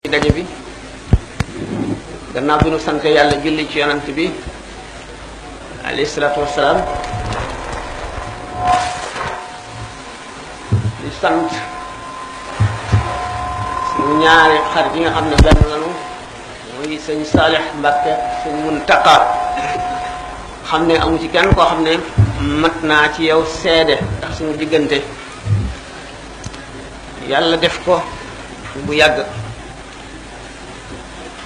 ci daje bi gannaaw bi nu sant yàlla julli ci yonant bi alayhi salaatu wassalaam di sant suñu ñaari xar yi nga xam ne benn lanu muy sëñ Saalix Mbàkke sëñ Muntaqa xam ne amu ci kenn koo xam ne mat naa ci yow seede ndax suñu diggante yàlla def ko bu yàgg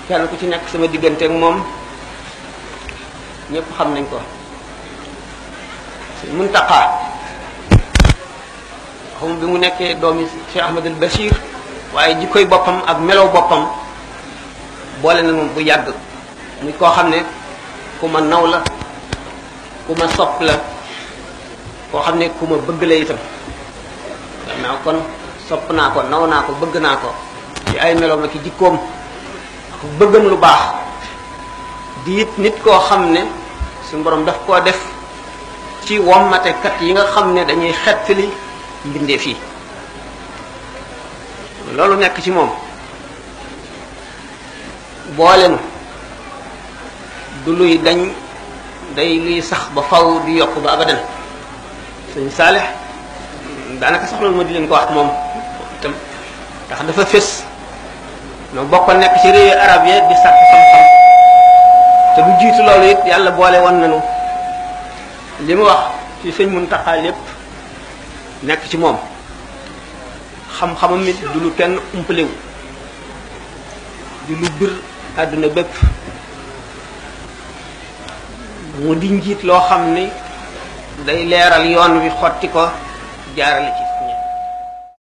kenn ku ci nekk sama diggante ak moom ñépp xam nañ ko sëñ Muntaqa xamu bi mu nekkee doomi Cheikh Ahmadul Bachir waaye jikkoy boppam ak melow boppam boole na moom bu yàgg muy koo xam ne ku ma naw la ku ma sopp la koo xam ne ku ma bëgg la itam naa kon sopp naa ko naw naa ko bëgg naa ko ci ay meloom ak i jikkoom bëggam lu baax di it nit koo xam suñu borom daf koo def ci kat yi nga xam ne dañuy xettali mbindee fii loolu nekk ci moom na du luy dañ day luy sax ba faw di yokk ba abadan sëñ saalix daanaka sax loolu ma di leen ko wax moom itam ndax dafa ñoo bokk nekk ci réew arab yi di sàkk te bu jiitu loolu it yàlla boole woon nañu li mu wax ci sëñ Muntaxa lépp nekk ci moom xam-xamam it du lu kenn umpalewu du lu bir àdduna bépp mu di njiit loo xam ni day leeral yoon wi xotti ko jaarale ci